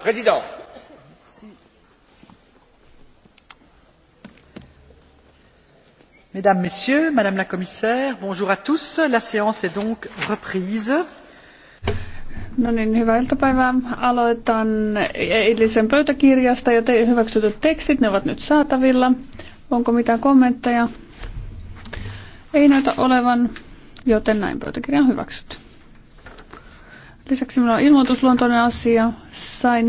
Président. Mesdames, Messieurs, Madame la Commissaire, bonjour à tous. La séance est donc reprise. No niin, hyvää iltapäivää. Aloitan eilisen pöytäkirjasta ja te hyväksytyt tekstit, ne ovat nyt saatavilla. Onko mitään kommentteja? Ei näytä olevan, joten näin pöytäkirja on hyväksytty. Lisäksi minulla on ilmoitusluontoinen asia. Sain